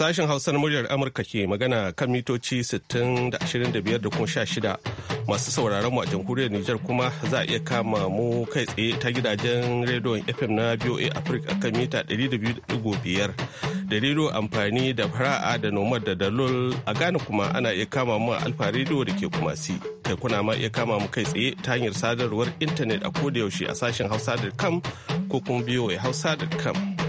Sashen Hausar muryar Amurka ke magana kan mitoci 60 da 25 da kuma 16 masu sauraron mu a jamhuriyar Nijar kuma za a iya kama mu kai tsaye ta gidajen rediyon FM na BOA Africa kan mita 200.5 da rediyo amfani da fara'a da nomad da dalol a Ghana kuma ana iya kama mu alfa rediyo da ke kuma si. Kai kuna ma iya kama mu kai tsaye ta hanyar sadarwar intanet a kodayaushe a sashen hausa.com ko kuma BOA hausa.com.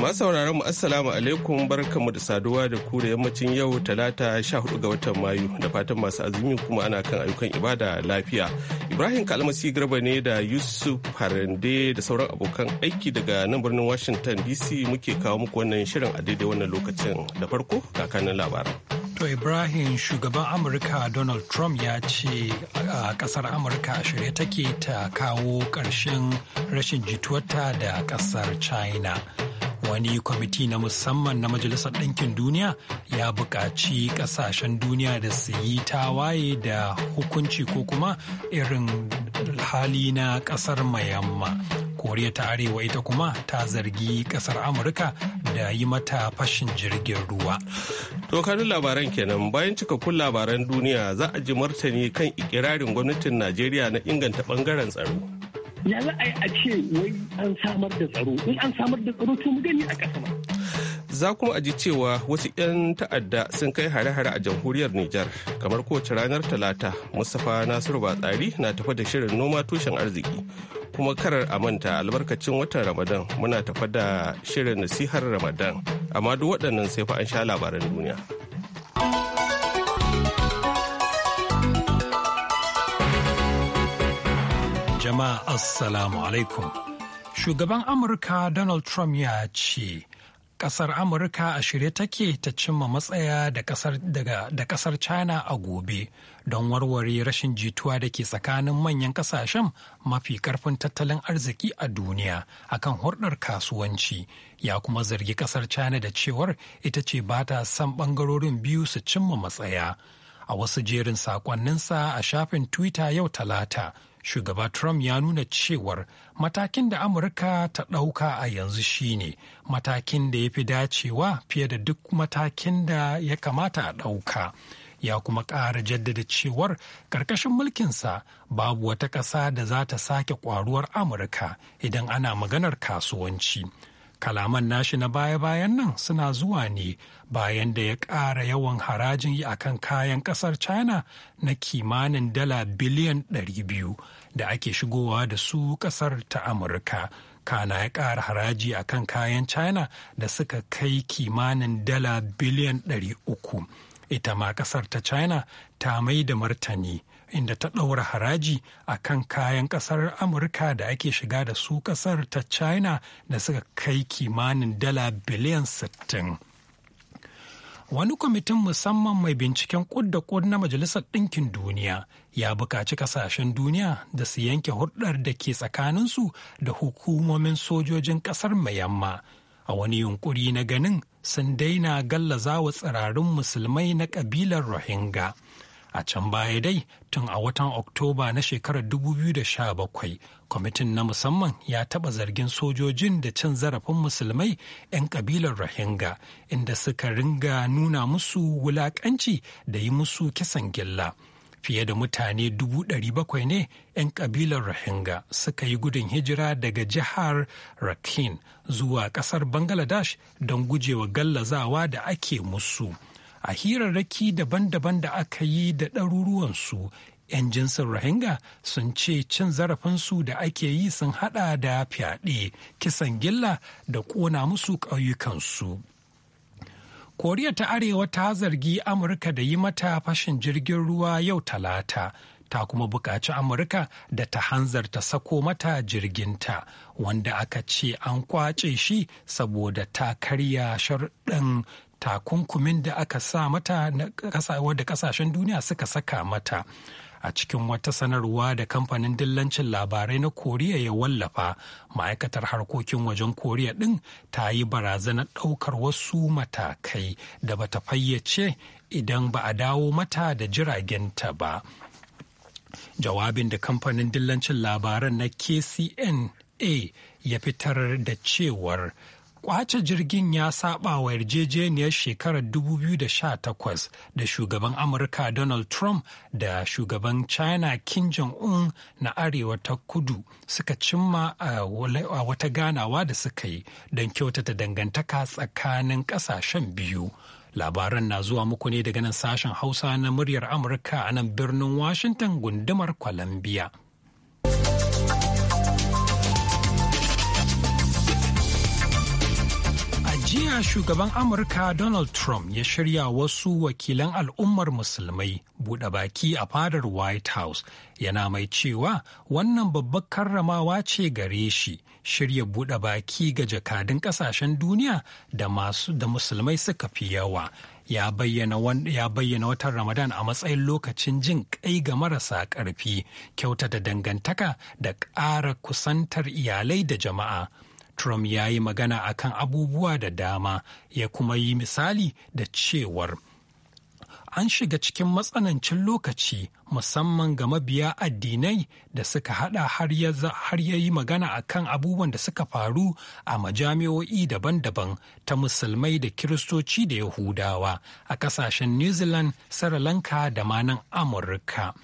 Masu sauraron mu assalamu alaikum barkamu da saduwa da ku da yammacin yau talata 14 ga watan Mayu da fatan masu azumi kuma ana kan ayyukan ibada lafiya. Ibrahim Kalmasi Garba ne da Yusuf Harande da sauran abokan aiki daga nan birnin Washington DC muke kawo muku wannan shirin a daidai wannan lokacin da farko kanin labaran. To Ibrahim shugaban Amurka Donald Trump ya ce a kasar Amurka a shirye take ta kawo karshen rashin jituwarta da kasar China. wani kwamiti na musamman na majalisar ɗinkin duniya ya buƙaci ƙasashen duniya da su yi tawaye da hukunci ko kuma irin hali na ƙasar mayamma koriya ta arewa ita kuma ta zargi ƙasar amurka da yi mata fashin jirgin ruwa to labaran kenan bayan cikakkun labaran duniya za a ji martani kan ikirarin gwamnatin najeriya na inganta ɓangaren tsaro ya za a yi a ce wai an samar da tsaro in an samar da tsaro to mu gani a ƙasa ba za kuma aji cewa wasu 'yan ta'adda sun kai hare-hare a jamhuriyar Nijar kamar kowace ranar talata Mustapha Nasiru Batsari na tafa da shirin noma tushen arziki kuma karar a manta albarkacin watan Ramadan muna tafa da shirin nasihar Ramadan amma duk waɗannan sai fa an sha labaran duniya. Jama'a Assalamu alaikum. Shugaban Amurka Donald Trump ya ce, Ƙasar Amurka a shirye take ta cimma matsaya da ƙasar China a gobe don warware rashin jituwa da ke tsakanin manyan ƙasashen mafi karfin tattalin arziki a duniya akan hurdar kasuwanci. Ya kuma zargi ƙasar China da cewar ita ce ba ta san ɓangarorin biyu su cimma matsaya. A wasu jerin saƙonninsa a shafin Twitter yau Talata. shugaba Trump ya nuna cewar matakin da Amurka ta ɗauka a yanzu shine matakin da ya fi dacewa fiye da duk matakin da ya kamata a ɗauka. Ya kuma ƙara jaddada cewar ƙarƙashin mulkinsa babu wata ƙasa da za ta sake ƙwaruwar Amurka idan ana maganar kasuwanci. kalaman nashi na baya-bayan nan suna zuwa ne bayan da ya ƙara yawan harajin yi akan kayan ƙasar china na kimanin dala biliyan 200 da ake shigowa da su ƙasar ta amurka kana ya ƙara haraji akan kayan china da suka kai kimanin dala biliyan 300 ita ma ƙasar ta china ta mai da martani inda ta ɗaura haraji a kan kayan ƙasar amurka da ake shiga da su ƙasar ta china da suka kai kimanin dala biliyan 60 wani kwamitin musamman mai binciken kud da na majalisar ɗinkin duniya ya buƙaci ƙasashen duniya da su yanke hulɗar da ke tsakaninsu da hukumomin sojojin ƙasar mayamma a wani yunkuri na ganin sun daina gallaza wa tsirarin musulmai na ƙabilar rohingya A can baya dai tun a watan Oktoba na shekarar 2017 kwamitin na musamman ya taɓa zargin sojojin da cin zarafin musulmai 'yan ƙabilar Rohingya inda suka ringa nuna musu wulaƙanci da yi musu kisan gilla. Fiye da mutane bakwai ne 'yan ƙabilar Rohingya suka yi gudun hijira daga jihar Rakhine zuwa ƙasar Bangladesh don gujewa gallazawa da ake musu. a hirarraki daban-daban da aka yi da ɗaruruwansu 'yan jinsin Rohingya sun ce cin zarafinsu da ake yi sun hada da fyaɗe, kisan gilla da ƙona musu ƙauyukansu. Koriya ta Arewa ta zargi Amurka da yi mata fashin jirgin ruwa yau talata. Ta kuma buƙaci Amurka da ta hanzarta sako mata jirginta, wanda aka ce an kwace shi saboda ta karya sharɗin takunkumin da aka sa mata wadda kasashen duniya suka saka mata a cikin wata sanarwa da kamfanin dillancin labarai na koriya ya wallafa ma'aikatar harkokin wajen koriya ɗin ta yi barazanar ɗaukar wasu matakai da bata fayyace idan ba a dawo mata da jiragenta ba jawabin da kamfanin dillancin labaran na kcna ya fitar da cewar Kwace jirgin ya saba wa yarjejeniyar shekarar 2018 da shugaban Amurka Donald Trump da shugaban China Kim Jong-un na Arewa ta Kudu suka cimma a wata ganawa da suka yi don kyautata dangantaka tsakanin ƙasashen biyu. Labaran na zuwa muku ne daga nan sashen Hausa na muryar Amurka a nan birnin Washington gundumar Columbia. Jiya shugaban Amurka Donald Trump ya shirya wasu wakilan al'ummar musulmai buɗe baki a fadar White House yana mai cewa wannan babbar karramawa ce gare shi shirya buɗe baki ga jakadun ƙasashen duniya da masu da musulmai suka fi yawa. Ya bayyana watan Ramadan a matsayin lokacin jin ƙai ga marasa ƙarfi, kyautata dangantaka da ƙara kusantar iyalai da jama'a. Trump ya yi magana akan abubuwa da dama ya kuma yi misali da cewar an shiga cikin matsanancin lokaci musamman ga mabiya addinai da suka hada har ya yi magana a kan abubuwan da suka faru a majami'o'i daban-daban ta musulmai da kiristoci da yahudawa a kasashen new zealand sri lanka da manan amurka.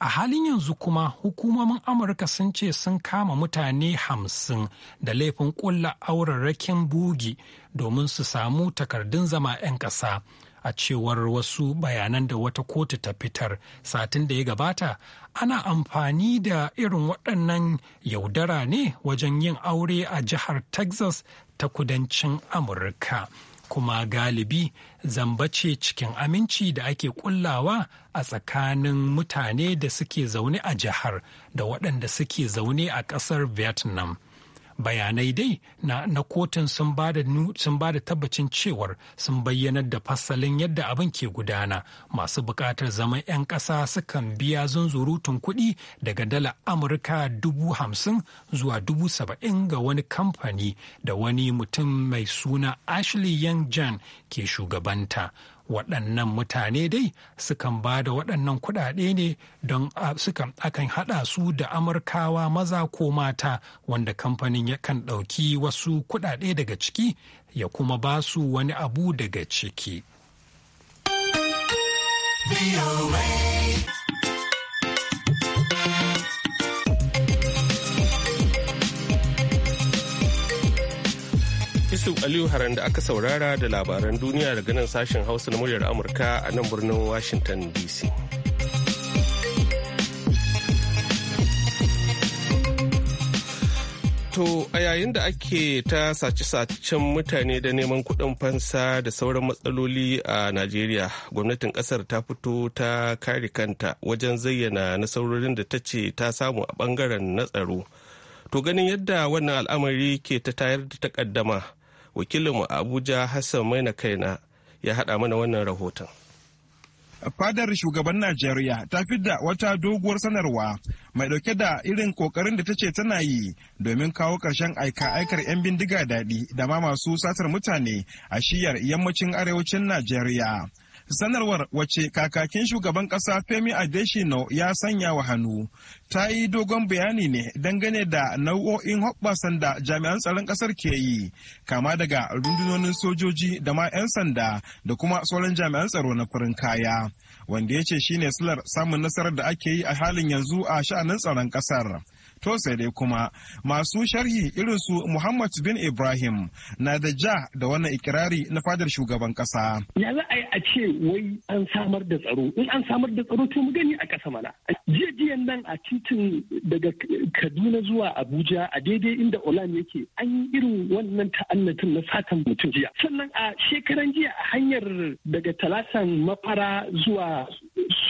a halin yanzu kuma hukumomin amurka sun ce sun kama mutane hamsin da laifin ƙulla aurarrakin bugi domin su samu takardun zama 'yan ƙasa a cewar wasu bayanan da wata kotu ta fitar satin da ya gabata ana amfani da irin waɗannan yaudara ne wajen yin aure a jihar texas ta kudancin amurka kuma galibi zamba ce cikin aminci da ake kullawa a tsakanin mutane da suke zaune a jihar da waɗanda suke zaune a ƙasar vietnam bayanai dai na, na kotun sun ba da tabbacin cewar sun bayyanar da fasalin yadda abin ke gudana masu bukatar zama 'yan ƙasa sukan biya zunzurutun kuɗi daga dala amurka dubu hamsin zuwa dubu saba'in ga wani kamfani da wani mutum mai suna ashley young jan ke shugabanta waɗannan mutane dai sukan ba da waɗannan kuɗaɗe ne don sukan akan haɗa su da amurkawa maza ko mata wanda kamfanin yakan ɗauki wasu kuɗaɗe daga ciki ya kuma ba su wani abu daga ciki. Yusuf Aliyu Haran da aka saurara da labaran duniya daga nan sashen Hausa na muryar Amurka a nan birnin Washington DC. To a yayin da ake ta sace-sacen mutane da neman kuɗin fansa da sauran matsaloli a Najeriya, gwamnatin ƙasar ta fito ta kare kanta wajen zayyana nasarorin da ta ce ta samu a ɓangaren na tsaro. To ganin yadda wannan al'amari ke ta tayar da takaddama wakilinmu a abuja hassan maina kaina ya haɗa mana wannan rahoton fadar shugaban najeriya ta fi da wata doguwar sanarwa mai dauke da irin kokarin da ta ce tana yi domin kawo ƙarshen aika-aikar 'yan bindiga daɗi da ma masu satar mutane a shiyar yammacin arewacin najeriya Sanarwar wace kakakin shugaban kasa Femi adeshino ya sanya wa hannu ta yi dogon bayani ne dangane da nau'o'in hoɓɓasan da jami'an tsaron kasar ke yi kama daga rundunonin sojoji da ma 'yan sanda da kuma sauran jami'an tsaro na farin kaya wanda ya ce shine silar samun nasarar da ake yi a halin yanzu a sha'anin tsaron kasar. To dai kuma masu sharhi irin su Muhammad bin Ibrahim na da ja da wannan ikirari na fadar shugaban kasa. Ya za a yi a ce wai an samar da tsaro in an samar da tsaro to mu gani a ƙasa mana. Jiya nan a titin daga Kaduna zuwa Abuja a daidai inda Olam yake an yi irin wannan ta'annatin na satan mutum jiya. Sannan a shekaran jiya a hanyar daga talatan mafara zuwa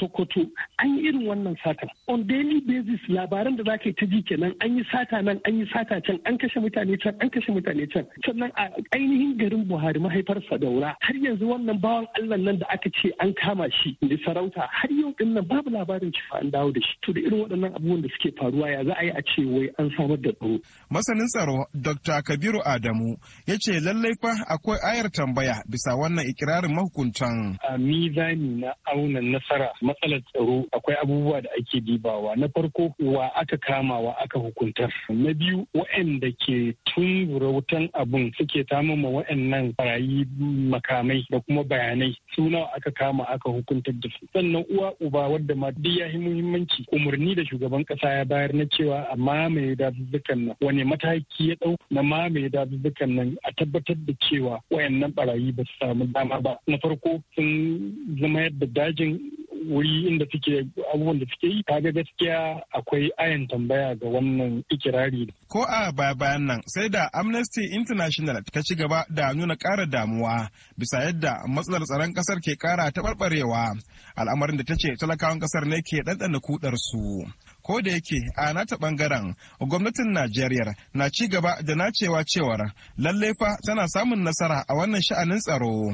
sokoto an yi irin wannan sata on daily basis labaran da zaka yi ta ji kenan an yi sata nan an yi sata can an kashe mutane can an kashe mutane can sannan a ainihin garin buhari mahaifarsa daura har yanzu wannan bawan allah nan da aka ce an kama shi da sarauta har yau din nan babu labarin kifa an dawo da shi to da irin waɗannan abubuwan da suke faruwa ya za a yi a ce wai an samar da tsaro masanin tsaro dr kabiru adamu ya ce lallai fa akwai ayar tambaya bisa wannan ikirarin mahukuntan a mizani na auna nasara matsalar tsaro akwai abubuwa da ake dibawa na farko wa aka kama wa aka hukuntar na biyu wa'anda ke tun wutan abun suke ma wa'annan barayi makamai da kuma bayanai suna aka kama aka hukuntar da su sannan uwa uba wadda ma duk ya yi muhimmanci umarni da shugaban kasa ya bayar na cewa a mamaye dazuzzukan nan wani mataki ya dau na mamaye dazuzzukan nan a tabbatar da cewa wayannan barayi ba su samu dama ba na farko sun zama yadda dajin wuri inda suke abubuwan da suke yi kaga gaskiya akwai ayan tambaya ga wannan ikirari. Ko a baya bayan nan sai da Amnesty International ta ci gaba da nuna ƙara damuwa bisa yadda matsalar tsaron ƙasar ke ƙara taɓarɓarewa al'amarin da ta ce talakawan ƙasar ne ke ɗanɗana kudar su. ko da yake a nata bangaren gwamnatin najeriya na ci gaba da nacewa cewar lalle fa tana samun nasara a wannan sha'anin tsaro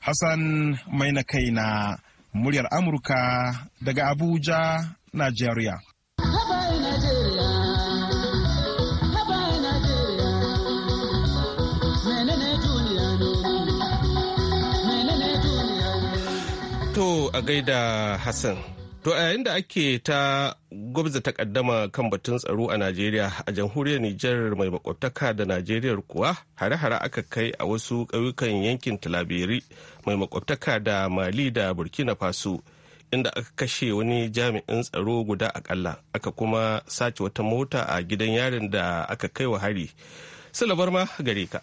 hassan mai na kaina muryar Amurka daga Abuja, Najeriya. To a gaida Hassan. To a yayin da ake ta gwabza takaddama kan batun tsaro a Najeriya a jamhuriyar Nijar mai makwabtaka da Najeriyar kuwa hare-hare aka kai a wasu ƙauyukan yankin Talabiri mai makwabtaka da Mali da Burkina Faso inda aka kashe wani jami'in tsaro guda akalla aka kuma sace wata mota a gidan yarin da aka kai wa hari. Silabar ma gare ka.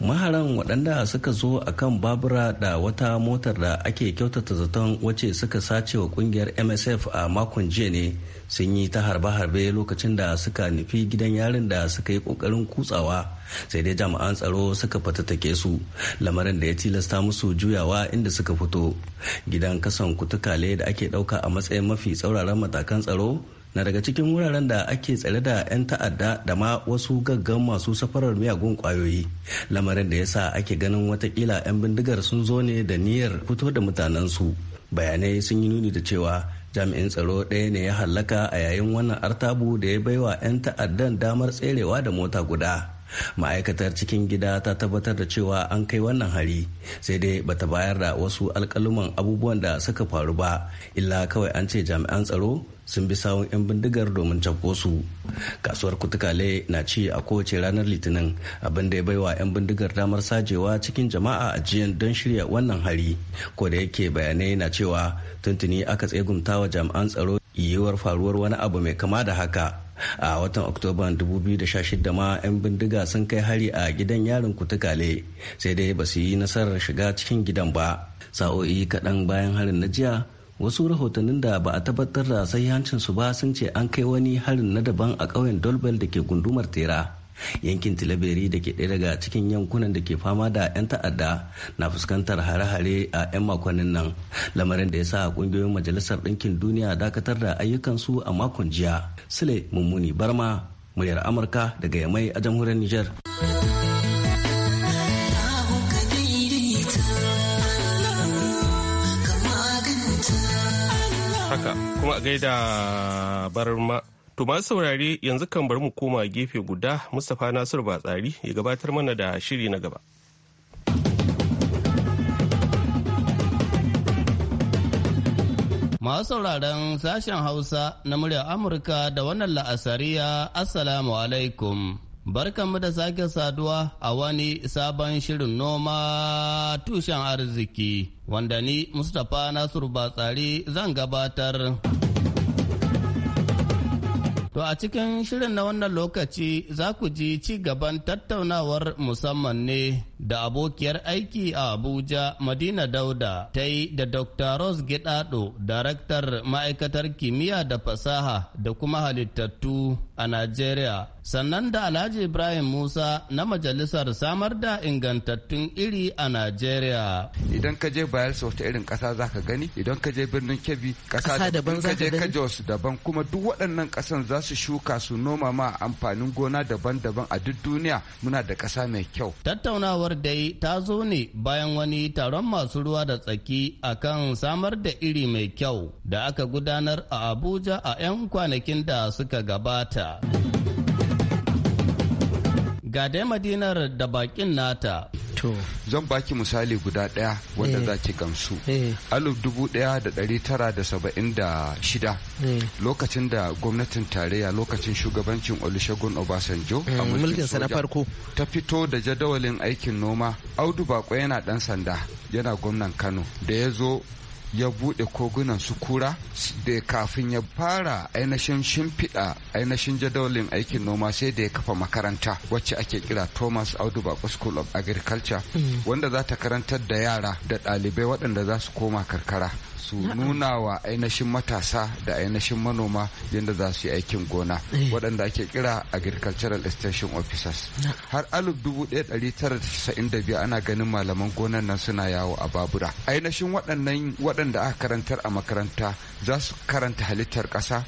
maharan waɗanda suka zo a kan babura da wata motar da ake kyautata zaton wace suka sace wa ƙungiyar msf a makon jiya ne sun yi ta harbe-harbe lokacin da suka nufi gidan yarin da suka yi ƙoƙarin kutsawa sai dai jami'an tsaro suka fatattake su lamarin da ya tilasta musu juyawa inda suka fito gidan kasan kutukale da ake ɗauka a matsayin mafi tsauraran matakan tsaro na daga cikin wuraren da ake tsare da 'yan ta'adda da ma wasu gaggan masu safarar miyagun kwayoyi lamarin da ya sa ake ganin watakila 'yan bindigar sun zo ne da niyyar fito da mutanensu bayanai sun yi nuni da cewa jami'in tsaro ɗaya ne ya hallaka a yayin wannan artabu da ya baiwa 'yan ta'addan damar tserewa da mota guda ma'aikatar cikin gida ta tabbatar da cewa an kai wannan hari sai dai bata bayar da wasu alkaluman abubuwan da suka faru ba illa kawai an ce jami'an tsaro sun bi sawun 'yan bindigar domin cafko su kasuwar kutukale na ci a kowace ranar litinin abin da ya baiwa 'yan bindigar damar sajewa cikin jama'a a jiyan don shirya wannan hari ko da yake bayanai na cewa tuntuni aka tsegumta wa jami'an tsaro yiwuwar faruwar wani abu mai kama da haka a watan oktoban 2016 ma 'yan bindiga sun kai hari a gidan yarin kutukale sai dai ba su yi nasarar shiga cikin gidan ba sa'o'i kaɗan bayan harin na jiya wasu rahotannin da ba a tabbatar da sai su ba sun ce an kai wani harin na daban a ƙauyen dolbel da ke gundumar tera yankin tilaberi da ke ɗaya daga cikin yankunan da ke fama da 'yan ta'adda na fuskantar hare-hare a 'yan makonnin nan lamarin da ya sa ƙungiyoyin majalisar ɗinkin duniya dakatar da ayyukansu a makon jiya sule mummuni barma muryar amurka daga yamai a jamhuriyar niger haka kuma a gaida barma To masu saurare yanzu kan bar mu koma gefe guda Mustapha Nasiru Batsari ya gabatar mana da shiri na gaba. Masu sauraron sashen Hausa na muryar Amurka da wannan la'asariya Assalamu alaikum. Barkanmu da sake saduwa a wani sabon shirin noma tushen arziki wanda ni Mustapha Nasiru Batsari zan gabatar. To a cikin shirin na wannan lokaci za ku ji ci gaban tattaunawar musamman ne da abokiyar aiki a Abuja Madina Dauda ta yi da Dr. Rose Gidado, daraktar ma'aikatar kimiyya da fasaha da kuma halittattu a Najeriya. sannan da Alhaji Ibrahim Musa na Majalisar Samar da Ingantattun Iri a Najeriya. Idan ka je Bayelsa wata irin ƙasa za ka gani, idan ka je birnin Kebbi ƙasa daban ka je wasu daban kuma duk waɗannan ƙasan za su shuka su noma ma amfanin gona daban-daban a duk duniya muna da ƙasa mai kyau. Tattaunawar dai ta zo ne bayan wani taron masu ruwa da tsaki akan samar da iri mai kyau da aka gudanar a Abuja a 'yan kwanakin da suka gabata. ga dai madinar da bakin nata. To. Zan baki misali guda ɗaya wanda eh. za ki gamsu. Eh. Alif dubu ɗaya da ɗari tara da saba'in da shida. Eh. Lokacin da gwamnatin tarayya lokacin shugabancin Olusegun Obasanjo. A mulkin na farko. Ta fito da jadawalin aikin noma. Audu Bako yana ɗan sanda yana gwamnan Kano da ya zo ya buɗe kogunan su kura da kafin ya fara ainihin shimfiɗa ainihin jadawalin aikin noma sai da ya kafa makaranta wacce ake kira thomas audubaku school of agriculture mm. wanda za ta karantar da yara da ɗalibai waɗanda za su koma karkara su nuna wa ainihin matasa da ainihin manoma yadda za su yi aikin gona eh. waɗanda ake kira agricultural extension officers har alif dubu ɗaya ɗari tara da biyar ana ganin malaman gonan nan suna yawo a babura ainihin waɗannan waɗanda aka karantar a makaranta za su karanta halittar ƙasa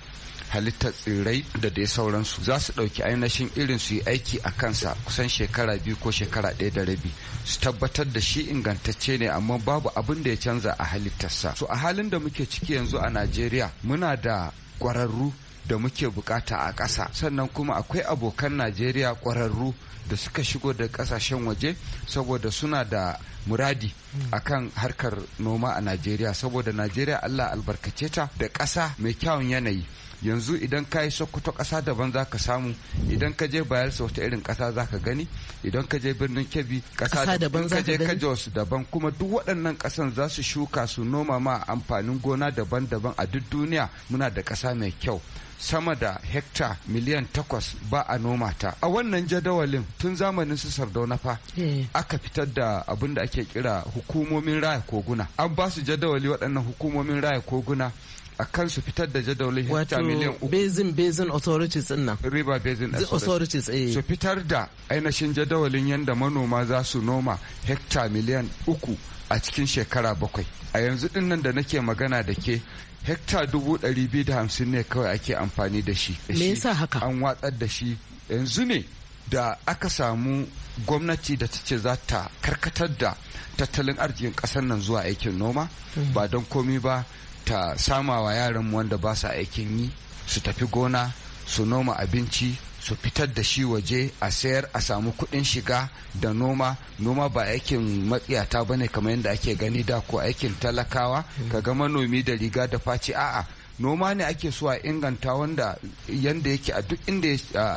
halittar tsirrai da dai sauransu za su ɗauki ainihin irin su yi aiki a kansa kusan shekara biyu ko shekara ɗaya da rabi su tabbatar da shi ingantacce ne amma babu abin da ya canza a halittarsa so a halin da muke ciki yanzu a najeriya muna da ƙwararru da muke bukata a ƙasa sannan kuma akwai abokan najeriya kwararru da suka shigo da ƙasashen waje saboda suna da muradi hmm. a kan harkar noma a najeriya saboda najeriya allah albarkace ta da ƙasa mai kyawun yanayi yanzu idan ka yi sokoto ƙasa daban za ka samu idan ka je bayelsa wata irin ƙasa za ka gani idan ka je birnin kebi. ƙasa daban za ka je ka daban kuma duk waɗannan kasan za su shuka su noma ma amfanin gona daban-daban a duk duniya muna da kasa mai kyau sama da hekta miliyan takwas ba a noma ta a wannan jadawalin tun zamanin su sardauna fa eh. aka fitar da abin da ake kira hukumomin raya koguna an ba su jadawali waɗannan hukumomin raya koguna a kan su fitar da jadawalin hekta miliyan uku. Basin Basin Authorities din nan. River Basin Authorities eh. Su fitar da ainihin jadawalin yadda manoma za su noma hekta miliyan uku a cikin shekara bakwai. A yanzu din nan da nake magana da ke hekta dubu ɗari biyu da hamsin ne kawai ake amfani da shi. Me yasa haka? An watsar da shi yanzu ne da aka samu gwamnati da ta ce za ta karkatar da tattalin arzikin ƙasar nan zuwa aikin noma mm. ba don komi ba ta samawa yaran wanda ba sa aikin yi su tafi gona su noma abinci su fitar da shi waje a sayar a samu kuɗin shiga da noma noma ba aikin matsiyata ba ne kamar yadda ake gani da ko aikin talakawa ka ga manomi da riga da faci a'a noma ne ake so a inganta wanda yanda yake a duk inda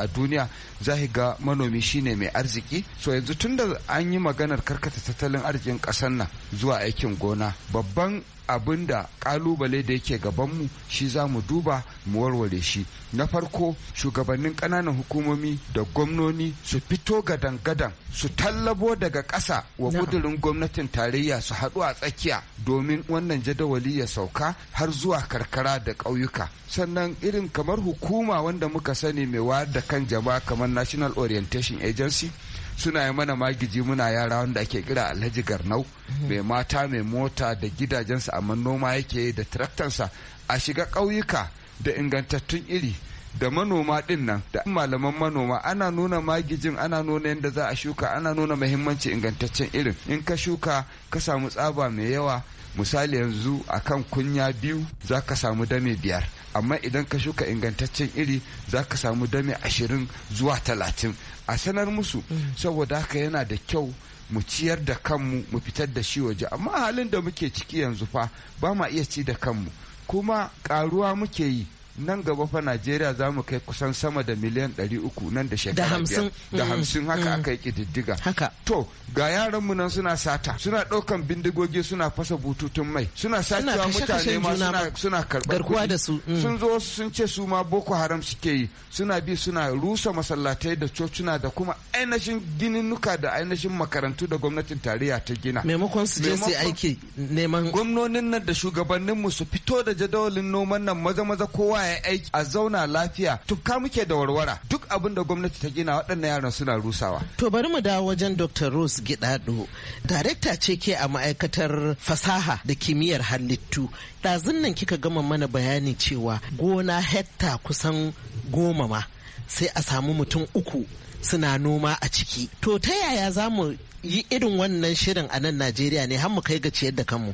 a duniya za ga manomi shine mai arziki so yanzu tun da an yi maganar karkata tattalin arzikin ƙasar nan zuwa aikin gona babban abin da kalubale da yake gabanmu shi za mu duba mu warware shi na farko shugabannin kananan hukumomi da gwamnoni su fito gadan-gadan su tallabo daga ƙasa wa kudurin gwamnatin tarayya su haɗu a tsakiya domin wannan jadawali ya sauka har zuwa karkara da ƙauyuka sannan irin kamar hukuma wanda muka sani mai wayar da kan jama'a kamar national orientation agency suna yi mana magiji muna yara wanda ake kira alhaji garnau mhm. mai mata mai mota da gidajensa amma noma yake da traktansa a shiga ƙauyuka da ingantattun iri da manoma din nan da malaman manoma ana nuna magijin ana nuna yadda za a shuka ana nuna mahimmanci ingantaccen irin in ka shuka ka samu tsaba mai yawa misali yanzu a kan kunya biyu za ka samu dame biyar amma idan ka shuka ingantaccen iri za ka samu dame ashirin zuwa talatin a sanar musu mm. saboda haka yana da kyau mu ciyar da kanmu mu fitar da shi waje amma halin da muke ciki yanzu fa ba ma iya ci da kanmu kuma karuwa muke yi nan gaba fa Najeriya za mu kai kusan sama da miliyan 300 nan da shekara biyar da mm. hamsin haka mm. aka yi kididdiga to ga yaran mu nan suna sata suna ɗaukan bindigogi suna fasa bututun mai suna sacewa mutane ma suna suna karɓar kuɗi da su mm. sun zo sun ce su ma boko haram suke yi suna bi suna rusa masallatai da cocina da kuma ainihin gininuka da ainihin makarantu da gwamnatin tarayya ta gina maimakon su je su aiki neman gwamnonin nan da shugabannin mu su fito da jadawalin noman nan maza maza kowa a aiki a zauna lafiya tukka muke da warwara duk abin da gwamnati ta gina waɗannan yaran suna rusawa. To bari mu dawo wajen Dr. Rose Gidado, darekta ce ke a ma'aikatar fasaha da kimiyyar halittu. Ɗazun nan kika gama mana bayani cewa gona hekta kusan goma ma sai a samu mutum uku suna noma a ciki. To ta yaya za mu yi irin wannan shirin a nan Najeriya ne har mu kai ga ciyar da kanmu?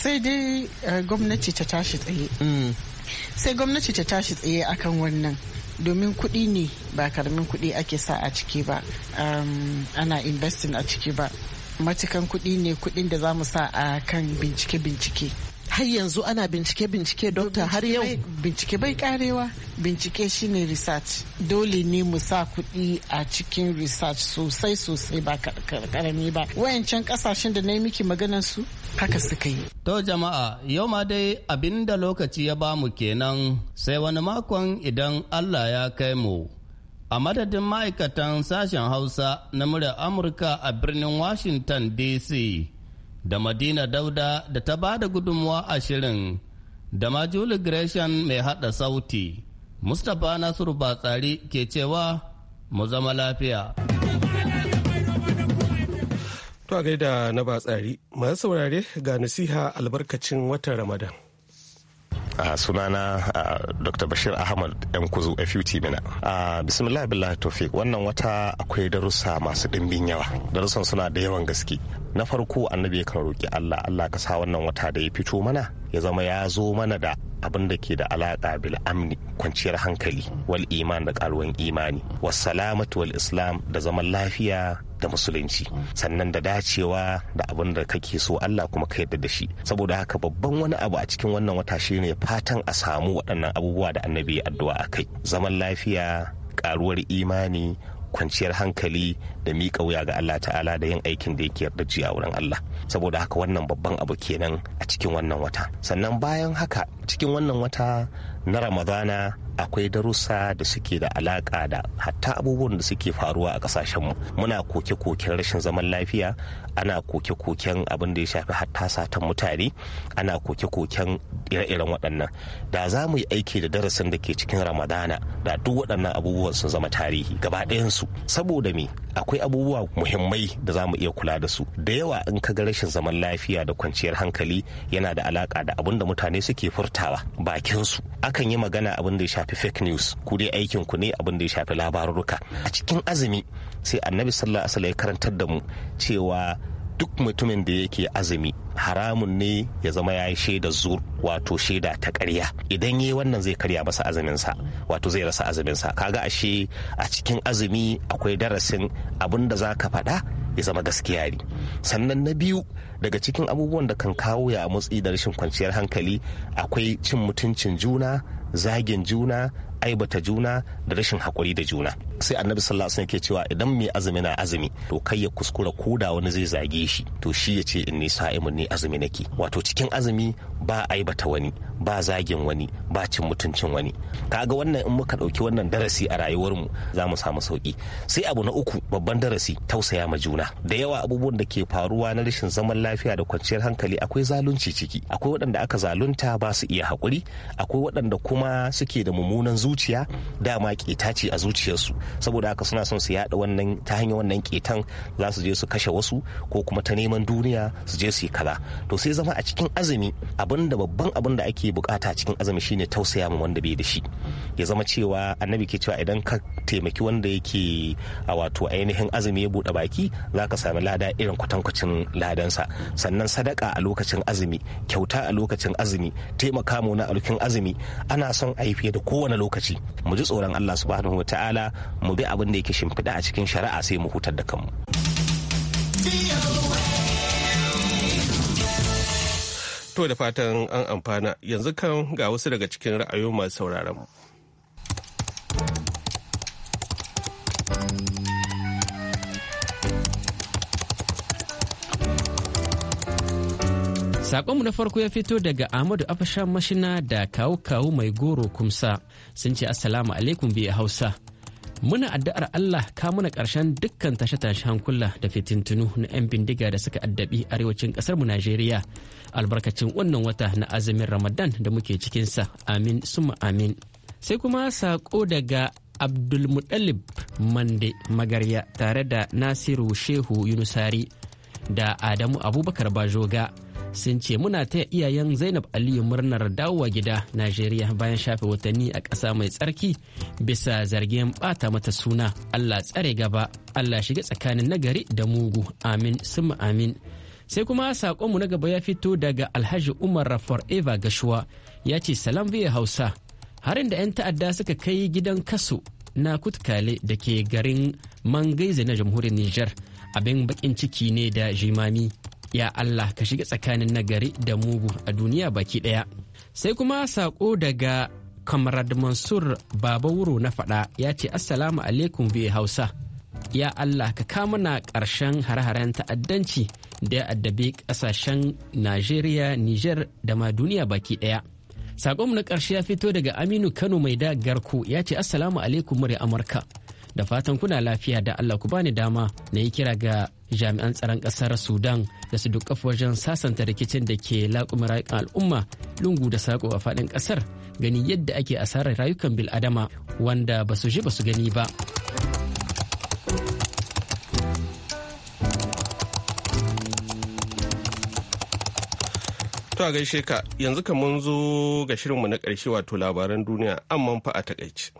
sai dai eh, gwamnati ta tashi tsaye. Mm. sai gwamnati ta tashi tsaye akan wannan domin kuɗi ne ba karamin kuɗi ake sa a ciki ba ana investing a ciki ba matukan kuɗi ne kuɗin da za mu sa a kan bincike-bincike har yanzu ana bincike bincike dokta har yau bincike bai karewa bincike shine research dole ne mu sa kuɗi a cikin research sosai sosai ba karami ba wayancan kasashen da na yi miki maganar su haka suka yi to jama'a yau ma dai abin da lokaci ya bamu kenan sai wani makon idan allah ya kai mu a madadin ma'aikatan sashen hausa na muryar amurka a birnin washington dc da Madina Dauda da ta ba da gudunmuwa a shirin da ma Julie Gresham mai hada sauti. Mustapha Nasiru Batsari ke cewa mu zama lafiya. To a gaida na Batsari, masu saurare ga nasiha albarkacin watan Ramadan. a sunana dr bashir ahmad yan kuzu fut mina a bismillah billahi tofik wannan wata akwai darussa masu ɗimbin yawa darussan suna da yawan gaske na farko annabi ya roki allah allah ka sa wannan wata da ya fito mana ya zama ya zo mana da abin da ke da alaƙa bil amni kwanciyar hankali wal iman da ƙaruwan imani wasalamatu wal islam da zaman lafiya da musulunci sannan da dacewa da abin da kake so Allah kuma ka yarda da shi saboda haka babban wani abu a cikin wannan wata shine fatan a samu waɗannan abubuwa da annabi addu'a a kai zaman lafiya karuwar imani kwanciyar hankali da miƙa wuya ga Allah ta'ala da yin aikin da yake yarda a wurin Allah saboda haka wannan babban abu kenan a cikin wannan wata sannan bayan haka cikin wannan wata na ramadana akwai darussa da suke da alaka da hatta abubuwan da suke faruwa a mu muna koke-koken rashin zaman lafiya ana koke-koken abin da ya shafi hatta satan mutane ana koke-koken ire-iren waɗannan da za mu yi aiki da darasin da ke cikin ramadana da duk waɗannan abubuwan sun zama tarihi gaba ɗayansu saboda me akwai abubuwa muhimmai da za mu iya kula da su da yawa in ka ga rashin zaman lafiya da kwanciyar hankali yana da alaka da abin da mutane suke furtawa bakinsu akan yi magana abin da ya shafi fake news ku dai aikin ku ne abin da ya shafi labarurruka a cikin azumi sai annabi sallallahu alaihi wasallam ya karantar da mu cewa duk mutumin da yake azumi haramun ne ya zama ya yi shaida zur wato shaida ta karya idan yi wannan zai karya masa azuminsa wato zai rasa azuminsa kaga ashe a cikin azumi akwai darasin abin da za ka faɗa ya zama gaskiya ne sannan na biyu daga cikin abubuwan da kan kawo ya motsi da rashin kwanciyar hankali akwai cin mutuncin juna zagin juna aibata juna da rashin hakuri da juna sai annabi sallallahu alaihi wasallam ke cewa idan mai azumi na azumi to kai ya kuskura koda wani zai zage shi to shi ya ce in sa'imun ni azumi nake wato cikin azumi ba aibata wani ba zagin wani ba cin mutuncin wani kaga wannan in muka ɗauki wannan darasi a rayuwarmu za mu samu sauki sai abu na uku babban darasi tausaya ma juna da yawa abubuwan da ke faruwa na rashin zaman lafiya da kwanciyar hankali akwai zalunci ciki akwai waɗanda aka zalunta ba su iya hakuri akwai waɗanda kuma suke da mummunan zuciya zuciya dama keta ce a zuciyarsu saboda haka suna son su yada wannan ta hanyar wannan ketan za su je su kashe wasu ko kuma ta neman duniya su je su yi kaza to sai zama a cikin azumi abinda babban abin da ake bukata a cikin azumi shine tausaya ma wanda bai da shi ya zama cewa annabi ke cewa idan ka taimaki wanda yake a wato ainihin azumi ya bude baki za ka sami lada irin kwatankwacin ladansa sannan sadaka a lokacin azumi kyauta a lokacin azumi taimaka mu na a azumi ana son a yi fiye da kowane lokaci mu ji tsoron Allah subhanahu wa ta'ala mu bi abin da yake shimfiɗa a cikin shari'a sai mu hutar da kanmu. To da fatan an amfana yanzu kan ga wasu daga cikin ra'ayoyin masu sauraron mu. Sakonmu na farko ya fito daga Ahmadu Afashan Mashina da kawu kawu mai goro kumsa sun ce Assalamu alaikum biya Hausa. Muna addu'ar Allah ka muna ƙarshen dukkan tashe-tashe hankula da fitintunu na 'yan bindiga da suka addabi arewacin mu Najeriya. Albarkacin wannan wata na azumin Ramadan da muke cikinsa. Amin suma amin. Sai kuma sako daga Abdulmuɗalib Mande Magarya tare da Nasiru Shehu Yunusari da Adamu Abubakar Bajoga. sun ce muna ta iyayen zainab aliyu murnar dawowa gida najeriya bayan shafe watanni a ƙasa mai tsarki bisa zargin bata mata suna allah tsare gaba allah shiga tsakanin nagari da mugu amin summa amin sai kuma saƙonmu na gaba ya fito daga alhaji umar rafar eva gashuwa ya ce salam biya hausa harin da 'yan ta'adda suka kai gidan kaso na kutkale da ke garin mangaize na jamhuriyar niger abin bakin ciki ne da jimami ya Allah ka shiga tsakanin nagari da mugu a duniya baki ɗaya. Sai kuma saƙo daga kamarad Mansur Baba Wuro na faɗa ya ce Assalamu alaikum biyu Hausa. Ya Allah ka kamuna ƙarshen hare-haren ta'addanci da ya addabe ƙasashen Najeriya, Nijar da ma duniya baki ɗaya. Saƙonmu na ƙarshe ya fito daga Aminu Kano mai da garku ya ce Assalamu alaikum murya Amurka. da fatan kuna lafiya da Allah ku bani dama na yi kira ga jami'an tsaron ƙasar Sudan da su duk wajen sasanta rikicin da ke laƙuma rayukan al'umma lungu da saƙo a faɗin ƙasar gani yadda ake asarar rayukan bil'adama wanda ba su ji ba su gani ba. Tuwa gaishe ka yanzu ka mun zo ga shirinmu na ƙarshe wato labaran duniya amman fa a takaici.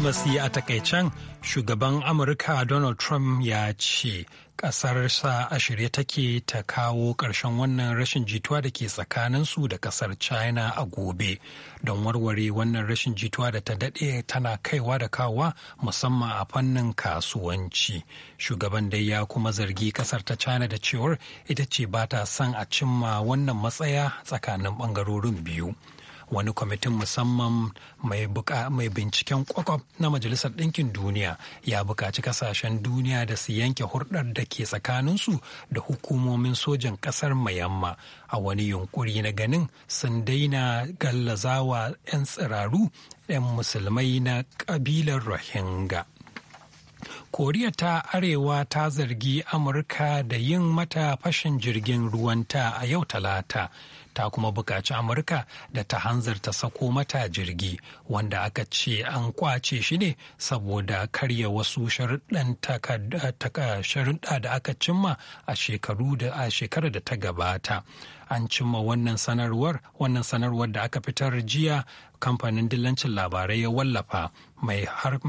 almasi a takaicen shugaban amurka donald trump ya ce ƙasarsa a shirye take ta kawo ƙarshen wannan rashin jituwa da ke tsakaninsu da ƙasar china a gobe don warware wannan rashin jituwa da ta daɗe tana kaiwa da kawa musamman a fannin kasuwanci shugaban dai ya kuma zargi ƙasar ta china da cewar ita ce ba ta son a cimma wannan matsaya tsakanin ɓangarorin biyu wani kwamitin musamman mai binciken kwakwaf na majalisar ɗinkin duniya ya buƙaci ƙasashen duniya da su yanke hurɗar da ke tsakaninsu da hukumomin sojan ƙasar mayamma a wani yunƙuri na ganin sun daina gallazawa 'yan tsiraru 'yan musulmai na ƙabilar rohingya koriya ta arewa ta zargi amurka da yin mata fashin jirgin ruwanta a yau talata ta kuma bukaci amurka da ta hanzarta sako mata jirgi wanda aka ce an kwace shi ne saboda karya wasu sharuɗa da aka cimma a shekaru da a shekarar da ta gabata an cimma wannan sanarwar wannan sanarwar da aka fitar jiya kamfanin dillancin labarai ya wallafa mai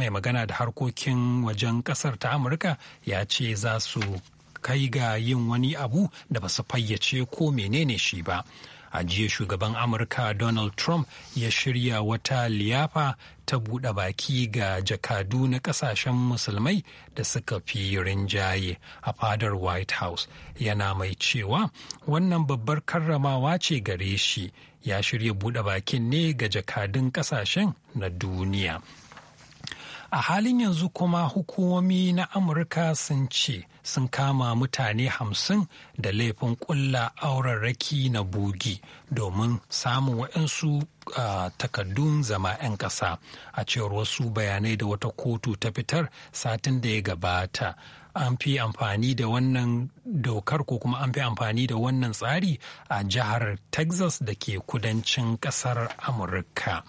magana da harkokin wajen kasar ta amurka ya ce za su kai ga yin wani abu da ba su fayyace ko menene shi ba a jiya shugaban amurka donald trump ya shirya wata liyafa ta buɗe baki ga jakadu na ƙasashen musulmai da suka fi rinjaye a fadar white house yana mai cewa wannan babbar karramawa ce gare shi ya shirya buɗe bakin ne ga jakadun ƙasashen na duniya a halin yanzu kuma hukumomi na amurka sun ce sun kama mutane hamsin da laifin ƙulla aurarraki na bugi domin samun waɗansu uh, takaddun zama 'yan ƙasa a cewar wasu bayanai da wata kotu ta fitar satin da ya gabata an fi amfani da wannan dokar ko kuma an fi amfani da wannan tsari a jihar texas da ke kudancin ƙasar amurka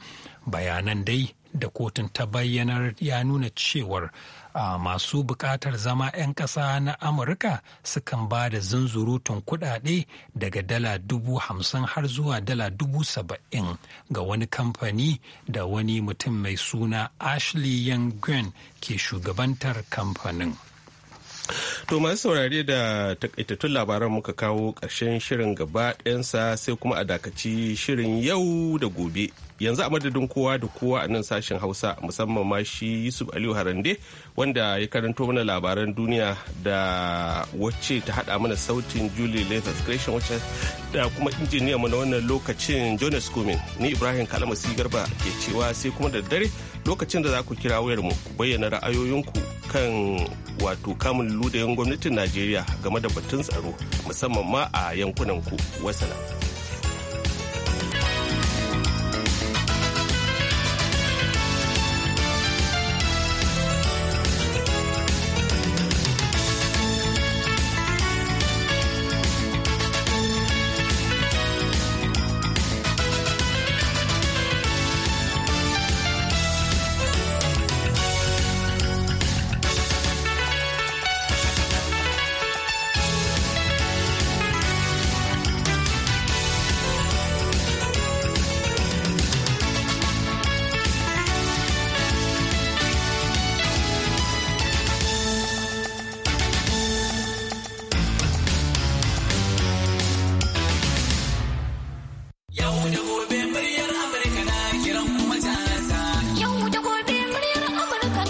bayanan dai da kotun ta bayyanar ya nuna cewar a masu buƙatar zama 'yan ƙasa na amurka sukan ba da zunzurutun kuɗaɗe daga dala dubu hamsin har zuwa dala dubu saba'in ga wani kamfani da wani mutum mai suna ashley young ke shugabantar kamfanin. To masu saurare da takaitattun labaran muka kawo ƙarshen shirin gaba ɗayansa sai kuma a dakaci shirin yau da gobe. Yanzu a madadin kowa da kowa a nan sashen Hausa musamman ma shi Yusuf Aliyu Harande wanda ya karanto mana labaran duniya da wacce ta haɗa mana sautin Julie Lathas Gresham wacce da kuma injiniya mana wannan lokacin Jonas Kumin. Ni Ibrahim Kalamasi Garba ke cewa sai kuma da dare lokacin da za ku kira wayar mu bayyana ra'ayoyinku kan wato kamun yan gwamnatin najeriya game da batun tsaro musamman ma a yankunan ku wasala.